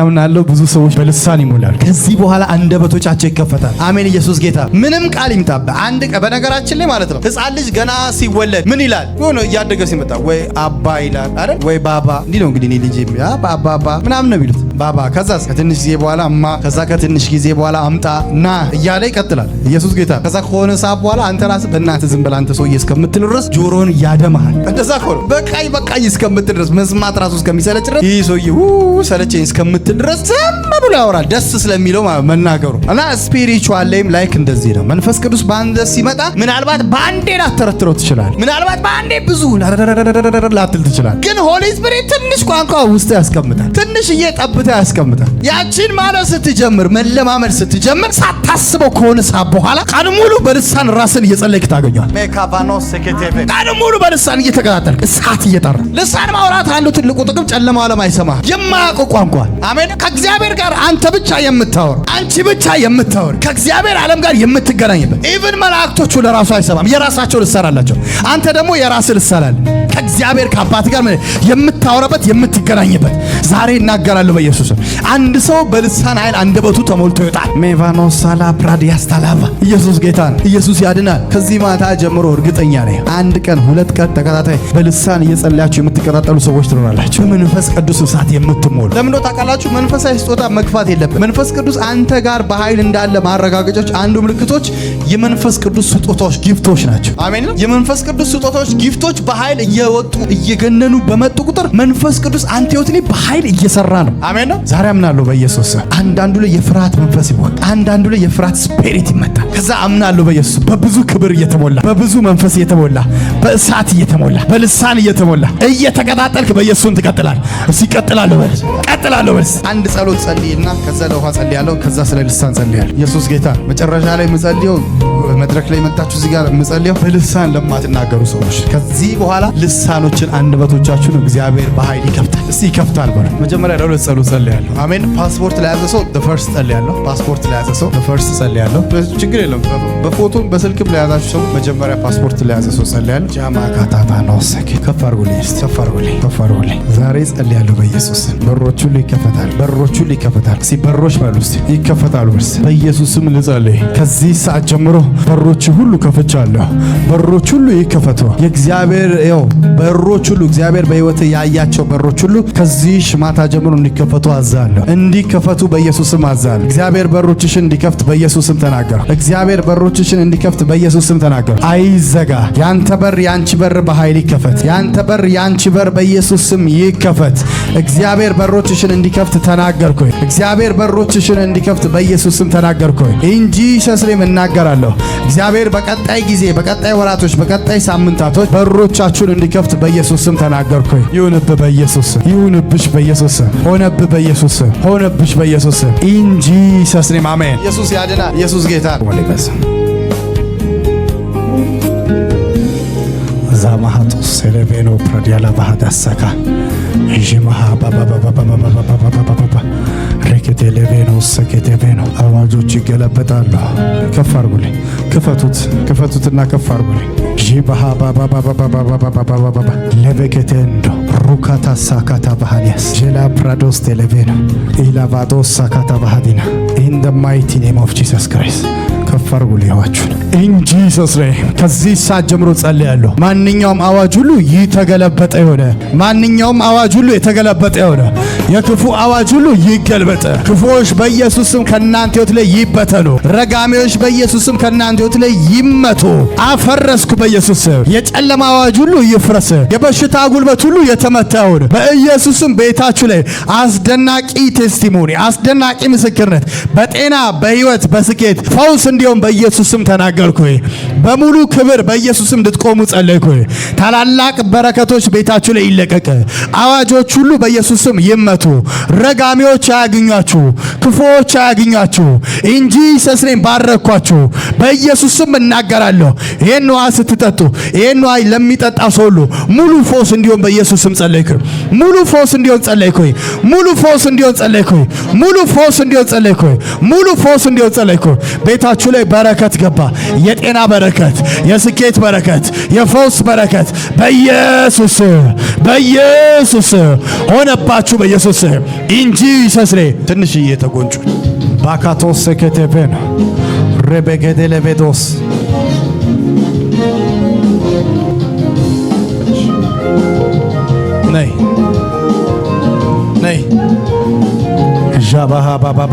ያምናለሁ ብዙ ሰዎች በልሳን ይሞላል። ከዚህ በኋላ አንደበቶቻቸው ይከፈታል። አሜን። ኢየሱስ ጌታ። ምንም ቃል ይምታበ አንድ ቀን በነገራችን ላይ ማለት ነው ሕፃን ልጅ ገና ሲወለድ ምን ይላል? ሆነ እያደገ ሲመጣ ወይ አባ ይላል አይደል? ወይ ባባ እንዲህ ነው እንግዲህ ልጅ ባባባ ምናምን ነው የሚሉት ባባ ከዛ ከትንሽ ጊዜ በኋላ እማ ከዛ ከትንሽ ጊዜ በኋላ አምጣ ና እያለ ይቀጥላል። ኢየሱስ ጌታ። ከዛ ከሆነ ሰዓት በኋላ አንተ ራስ በእናትህ ዝም ብለህ አንተ ሰውዬ እስከምትል ድረስ ጆሮን ያደማሃል። እንደዛ ከሆነ በቃኝ በቃኝ እስከምትል ድረስ መስማት ራሱ እስከሚሰለች ድረስ ይህ ሰውዬ ሰለቸኝ እስከምትል ድረስ ዝም ብሎ ያወራል። ደስ ስለሚለው መናገሩ እና ስፒሪቹዋል ላይም ላይክ እንደዚህ ነው። መንፈስ ቅዱስ በአንተ ሲመጣ ምናልባት በአንዴ ላተረትረው ትችላል። ምናልባት በአንዴ ብዙ ላትል ትችላል። ግን ሆሊ ስፒሪት ትንሽ ቋንቋ ውስጥ ያስቀምጣል። ትንሽ ጠብታ ላይ ያስቀምጣል። ያቺን ማለት ስትጀምር መለማመድ ስትጀምር ሳታስበው ከሆነ ሰዓት በኋላ ቀን ሙሉ በልሳን ራስን እየጸለይክ ታገኛል። ቀን ሙሉ በልሳን እየተቀጣጠልክ እሳት እየጠራ ልሳን ማውራት አንዱ ትልቁ ጥቅም ጨለማ ዓለም አይሰማ የማያውቅ ቋንቋ አሜን። ከእግዚአብሔር ጋር አንተ ብቻ የምታወር አንቺ ብቻ የምታወር ከእግዚአብሔር ዓለም ጋር የምትገናኝበት ኢቭን መላእክቶቹ ለራሱ አይሰማም። የራሳቸው ልሳን አላቸው። አንተ ደግሞ የራስህ ልሳን አለ ከእግዚአብሔር ከአባት ጋር የምታወራበት የምትገናኝበት ዛሬ እናገራለሁ በየ በኢየሱስ አንድ ሰው በልሳን ኃይል አንደበቱ ተሞልቶ ይወጣል። ሜቫኖስ ሳላ ፕራዲያስ ታላቫ ኢየሱስ ጌታን ኢየሱስ ያድናል። ከዚህ ማታ ጀምሮ እርግጠኛ ነኝ አንድ ቀን ሁለት ቀን ተከታታይ በልሳን እየጸለያችሁ የምትቀጣጠሉ ሰዎች ትኖራላችሁ። በመንፈስ ቅዱስ እሳት የምትሞሉ ለምን ታውቃላችሁ? መንፈሳዊ ስጦታ መግፋት የለብን። መንፈስ ቅዱስ አንተ ጋር በኃይል እንዳለ ማረጋገጫዎች አንዱ ምልክቶች የመንፈስ ቅዱስ ስጦታዎች ጊፍቶች ናቸው። አሜን። የመንፈስ ቅዱስ ስጦታዎች ጊፍቶች በኃይል እየወጡ እየገነኑ በመጡ ቁጥር መንፈስ ቅዱስ አንቲዮትኒ በኃይል እየሰራ ነው። አሜን ነው። ዛሬ አምናለሁ በኢየሱስ ስም። አንዳንዱ ላይ የፍርሃት መንፈስ ይወጣል። አንዳንዱ ላይ የፍርሃት ስፒሪት ይመጣ። ከዛ አምናለሁ በኢየሱስ በብዙ ክብር እየተሞላ በብዙ መንፈስ እየተሞላ በእሳት እየተሞላ በልሳን እየተሞላ እየተቀጣጠልክ በኢየሱስን ትቀጥላል። እሱ ቀጥላለሁ በል ቀጥላለሁ በል። አንድ ጸሎት ጸልይና ከዛ ለውሃ ጸልያለሁ። ከዛ ስለ ልሳን ጸልያለሁ። ኢየሱስ ጌታ መጨረሻ ላይ የምጸልየው መድረክ ላይ መጣችሁ እዚህ ጋር የምጸልየው በልሳን ለማትናገሩ ሰዎች ከዚህ በኋላ ልሳኖችን አንደበቶቻችሁን እግዚአብሔር በኃይል ይከፍታል። እስቲ ይከፍታል በሉ። መጀመሪያ ለሁለት ጸሎት ጸልያለሁ። አሜን። ፓስፖርት ለያዘ ሰው ፈርስት ጸልያለሁ። ፓስፖርት ለያዘ ሰው ፈርስት ጸልያለሁ። ችግር የለም። በፎቶም በስልክም ለያዛችሁ ሰው መጀመሪያ ፓስፖርት ለያዘ ሰው ጸልያለሁ። ጃማ ካታታ ነው ሰኪ ከፍ አድርጉልኝ፣ ከፍ አድርጉልኝ፣ ከፍ አድርጉልኝ። ዛሬ ጸልያለሁ በኢየሱስ ስም። በሮቹ ሁሉ ይከፈታል። በሮቹ ሁሉ ይከፈታል። እስቲ በሮች በሉ፣ እስቲ ይከፈታሉ። ስም ልጸልይ ከዚህ ሰዓት ጀምሮ ጀምሮ በሮች ሁሉ ከፍቻለሁ። በሮች ሁሉ ይከፈቱ። የእግዚአብሔር ይኸው በሮች ሁሉ እግዚአብሔር በሕይወት ያያቸው በሮች ሁሉ ከዚህ ማታ ጀምሮ እንዲከፈቱ አዛለሁ። እንዲከፈቱ በኢየሱስም አዛለሁ። እግዚአብሔር በሮችሽን እንዲከፍት በኢየሱስም ተናገር። እግዚአብሔር በሮችሽን እንዲከፍት በኢየሱስም ተናገር። አይዘጋ። ያንተ በር ያንቺ በር በኃይል ይከፈት። ያንተ በር ያንቺ በር በኢየሱስም ይከፈት። እግዚአብሔር በሮችሽን እንዲከፍት ተናገርኩኝ። እግዚአብሔር በሮችሽን እንዲከፍት በኢየሱስም ተናገርኩኝ። እንጂ ጂሰስ ኔም አደርጋለሁ። እግዚአብሔር በቀጣይ ጊዜ፣ በቀጣይ ወራቶች፣ በቀጣይ ሳምንታቶች በሮቻችሁን እንዲከፍት በኢየሱስ ስም ተናገርኩኝ። ይሁንብ በኢየሱስ ስም፣ ይሁንብሽ በኢየሱስ ስም፣ ሆነብ በኢየሱስ ስም፣ ሆነብሽ በኢየሱስ ስም። ኢን ጂሰስ ኔም አሜን። ኢየሱስ ያድናል። ኢየሱስ ጌታ ነው። ሰለቬኖ ፕራዲያላ ባህዳሳካ ዥመሃ ሬኬቴሌቬኖ ሰኬቴቬኖ አዋጆች ይገለበጣሉ። ከፍ አርጉልኝ፣ ክፈቱት፣ ክፈቱትና ከፍ አርጉልኝ። ለበገቴንዶ ሩካታ ሳካታ ቴሌቬና ሳካታ ኢን ደ ማይቲ ኔም ኦፍ ጂሰስ ክራይስት ከዚህ ሰዓት ጀምሮ ጸልያለሁ። ማንኛውም አዋጅ ሁሉ ይተገለበጠ የሆነ ማንኛውም አዋጅ ሁሉ የተገለበጠ የሆነ የክፉ አዋጅ ሁሉ ይገልበጠ። ክፉዎች በኢየሱስም ከእናንተ ሕይወት ላይ ይበተኑ። ረጋሚዎች በኢየሱስም ከእናንተ ሕይወት ላይ ይመቱ። አፈረስኩ በ በኢየሱስ ስም የጨለማ አዋጅ ሁሉ ይፍረስ። የበሽታ ጉልበት ሁሉ የተመታ ይሁን በኢየሱስም። ቤታችሁ ላይ አስደናቂ ቴስቲሞኒ፣ አስደናቂ ምስክርነት በጤና በህይወት በስኬት ፈውስ እንዲሆን በኢየሱስም ተናገርኩ። በሙሉ ክብር በኢየሱስም እንድትቆሙ ጸለይኩ። ታላላቅ በረከቶች ቤታችሁ ላይ ይለቀቅ። አዋጆች ሁሉ በኢየሱስም ይመቱ። ረጋሚዎች አያግኟችሁ፣ ክፉዎች አያግኟችሁ። ኢንጂ ሰስኔን ባረኳችሁ። በኢየሱስም ስም እናገራለሁ። ይሄን ውሃ ስትጠጡ፣ ይሄን ውሃ ለሚጠጣ ሰው ሁሉ ሙሉ ፎስ እንዲሆን በኢየሱስም ጸለይኩ። ሙሉ ፎስ እንዲሆን ጸለይኩ። ሙሉ ፎስ እንዲሆን ጸለይኩ። ሙሉ ፎስ እንዲሆን ጸለይኩ። ሙሉ ፎስ እንዲሆን ጸለይኩ። ቤታችሁ ላይ በረከት ገባ። የጤና በረከት፣ የስኬት በረከት፣ የፎስ በረከት በኢየሱስ በኢየሱስ ሆነባችሁ። በኢየሱስ እንጂ ሰስሬ ትንሽዬ ተጎንጩ ባካቶስ ሰከቴፔ Rebegedelevedos. Nei. Nei. baba